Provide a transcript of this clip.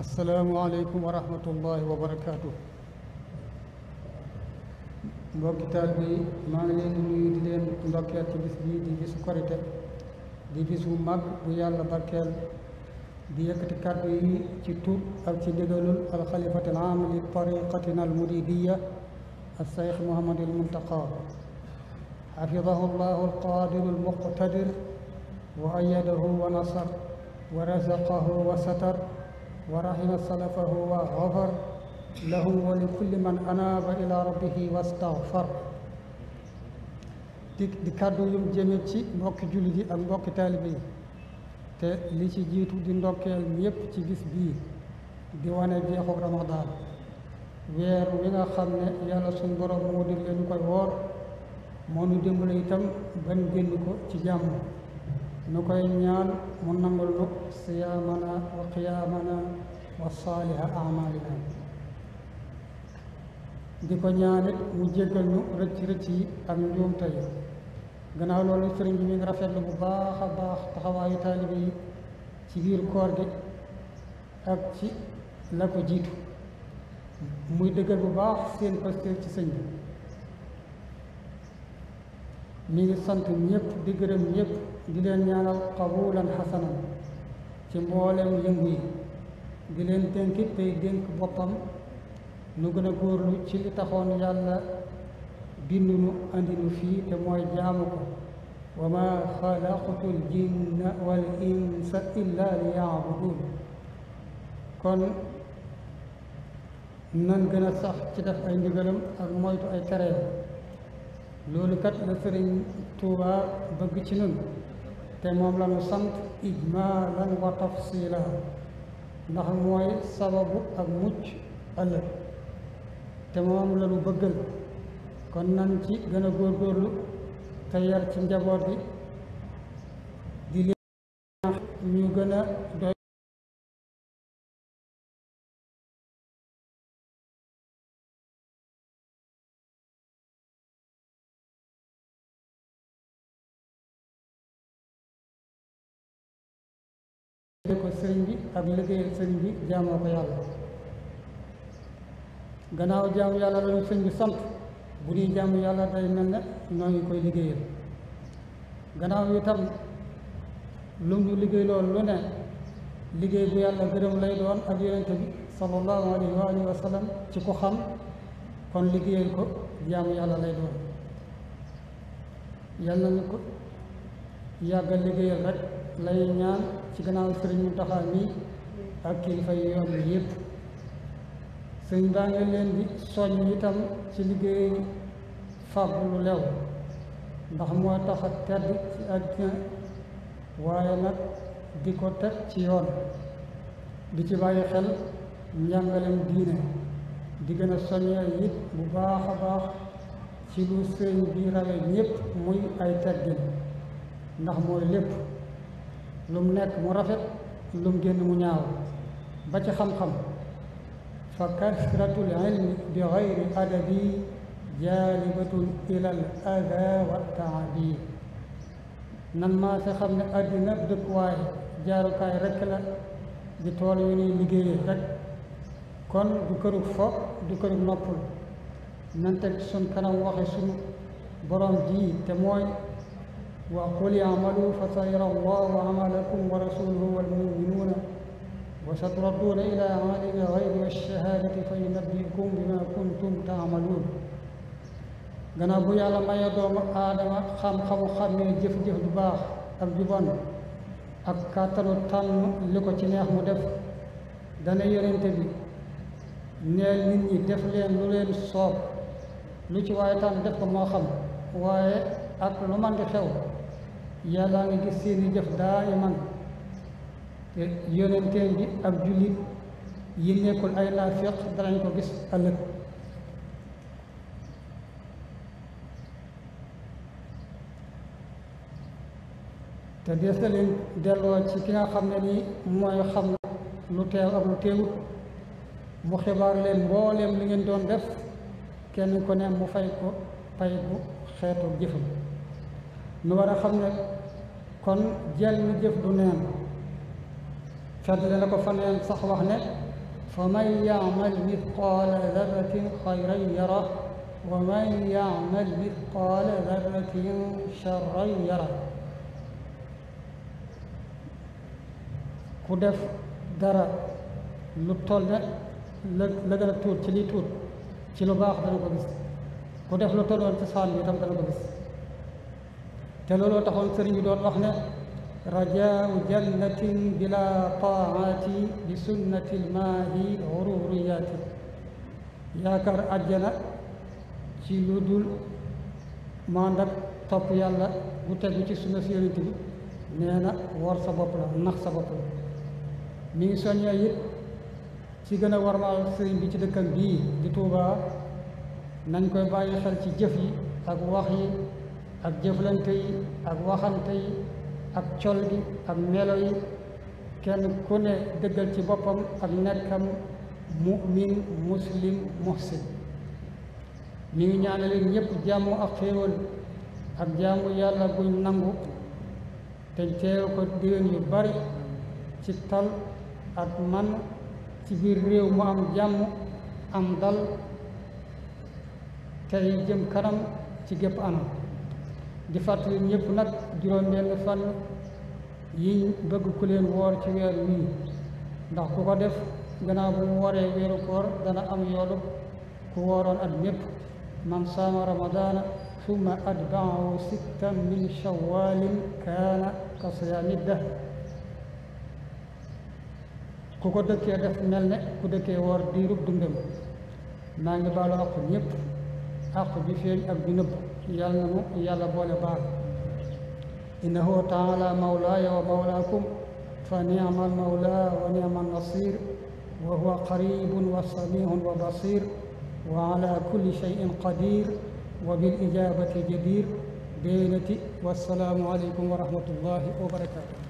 asalaamualeykum wa rahmatullahi wa barakaatu. mbokki taal bi maa ngi leen di nuyu di leen ndokkeel ci bis bii di bisu korite di bisu mag bu yàlla barkeel di yëkkati kàddu yi ci tur ak ci ndigalul alxalifatil aam li tariqatina al muridiya al sayx muhammad al muntaqa xafidahu llahu al qadiru al muqtadir wa ayadahu wa nasar wa razaqahu wa satar wa rahima salafahu wa xafar lahu kulli man anaaba ila rabbihi wastaxfar di di kàddu yum jëme ci mbokki jullit yi ak mbokki taalibe yi te li ci jiitu di ndokkeel yépp ci gis bii di wane jeexu ramadaan weer wi nga xam ne yàlla suñ borom moo digle koy woor moo nu dimbale itam ban génn ko ci jàmm nu koy ñaan mu nangul lu siyaamana wa qiyaamana wa saaliha amalina di ko ñaanit mu jéggal ñu rëcc rëcc yi ak njuumte yi gannaaw loolu sëriñ bi mi ngi rafetlu bu baax baax taxawaayu taalibe yi ci biir koor gi ak ci la ko jiitu muy dëggal bu baax seen pasteur ci sëñ bi mi ngi sant ñëpp di gërëm ñëpp di leen ñaanal qabulan xasanan ci mboolem yëngu yi di leen dénkit tey dénk boppam nu gën a góorlu ci li taxoon yàlla bind nu fii te mooy jaamu ko wa ma xalaqtu jinna wal insa illa liyabudun kon nan gën a sax ci def ay ndigalam ak moytu ay tereem loolu kat la sëriñ Touba bëgg ci nun te moom la nu sant ijmaalan wa tafsiila ndax mooy sababu ak mucc ëllëg te moom la nu bëggal kon nan ci gën a góorgóorlu te yar ci njaboot bi di leen ñu gën a doy de ko sëriñ bi ak liggéeyal sëriñ bi jaamoo ko yàlla gannaaw jaamu yàlla lañu sëriñ bi sant bu ñuy jaamu yàlla day mel ne koy liggéeyal gannaaw itam lu mu liggéey lool lu ne liggéey bu yàlla gërëm lay doon ak yonente bi sallallahu alayhi wa alihi wa sallam ci ko xam kon liggéeyal ko jaamu yàlla lay doon yàlla nañu ko yàggal liggéeyal rek la leen ñaan ci gannaaw sëriñ Mountakha mi ak kilifa yi yoon bi yëpp sëriñ baa ngi leen di soññ itam ci liggéey fàggu lu lew ndax moo tax a tedd ci àddina waaye nag di ko teg ci yoon di ci bàyyi xel njàngaleem diine di gën a soññee it bu baax a baax ci lu sëriñ bi rawe ñëpp muy ay teggin ndax mooy lépp lu mu nekk mu rafet lu mu génn mu ñaaw ba ci xam-xam fa kasratul ilmi bi ilal ada wa taabi nan maa si xam ne àddina dëkkuwaay jaarukaay rekk la di tool yu nuy liggéeyee rek kon du kërug fo du kërug noppul nan suñ kanam waxe suñu borom ji te mooy وقل اعملوا فسيرى الله عملكم ورسوله والمؤمنون وستردون إلى عالم الغيب والشهادة فينبئكم بما كنتم تعملون gannaaw bu yàlla mayee doomu aadama xam-xamu xàmmee jëf-jëf du baax ak ju bon ak kàttanu tànn li ko ci neex mu def dana yonente bi neel nit ñi def leen lu leen soob lu ci waaye tànn def ko moo xam waaye ak lu man xew yàllaa nga gis seeni jëf daa man te yonenteel bi ak jullit yi nekkul ay naafiq danañ ko gis ëllëg te des na leen delloo ci ki nga xam ne nii mooy xam lu teew ak lu teewut mu xibaar leen mbooleem li ngeen doon def kenn ko ne mu fay ko pay ko xeetu jëfam nu war a xam ne kon jël mi jëf du neen fedd dana ko fa sax wax ne fa man yaamal mithqaala darratin xayran yara wa man yaamal mithqaala darratin charran yara ku def dara lu toll ne la la tuut ci li tuut ci lu baax dana ko gis ku def lu tolloon ci saan bi itam dana ko gis te looloo taxoon sëriñ bi doon wax ne rajaau jannatin bila taati bi sunnati lmaahi xururiyaati yaakaar àjjana ci lu dul mànd ak topp yàlla bu tegu ci sunna si yonent bi nee na war sa bopp la nax sa bopp la mi ngi soññee it ci gën a warmaal sëriñ bi ci dëkkam bii di Tuubaa nañ koy bàyyi xel ci jëf yi ak wax ak jëflante ak waxante yi ak col gi ak melo yi kenn ku ne dëggal ci boppam ak nekkam mu'min muslim muhsin mi ngi ñaanal ñëpp jàmm ak xéewal ak jaamu yàlla guñ nangu te teew ko déwén yu bari ci tal ak man ci biir réew mu am jàmm am dal tey jëm kanam ci gépp anam di fàttali ñépp nag juróom benn fan yi bëgg ku leen woor ci weer wii ndax ku ko def gannaaw bu mu waree weeru koor dana am yoolu ku wooroon at ñëpp man saama ramadaana summa atbaahu sittan min shawalin kaana ka siyaami ku ko dëkkee def mel ne ku dëkkee woor diirub dundam maa ngi baalu àq ñëpp àq ju feeñ ak ju nëbb yal na nu yàlla boole baal innahu taala mawlaaya wa mawlaakum fa niamal mawla wa niamal nasir wa huwa qaribun wa samihun wa basir wa ala kulli shay'in qadir wa bil ijabati jadir déynati wassalaamu aleykum wa rahmatullahi wa barakatuh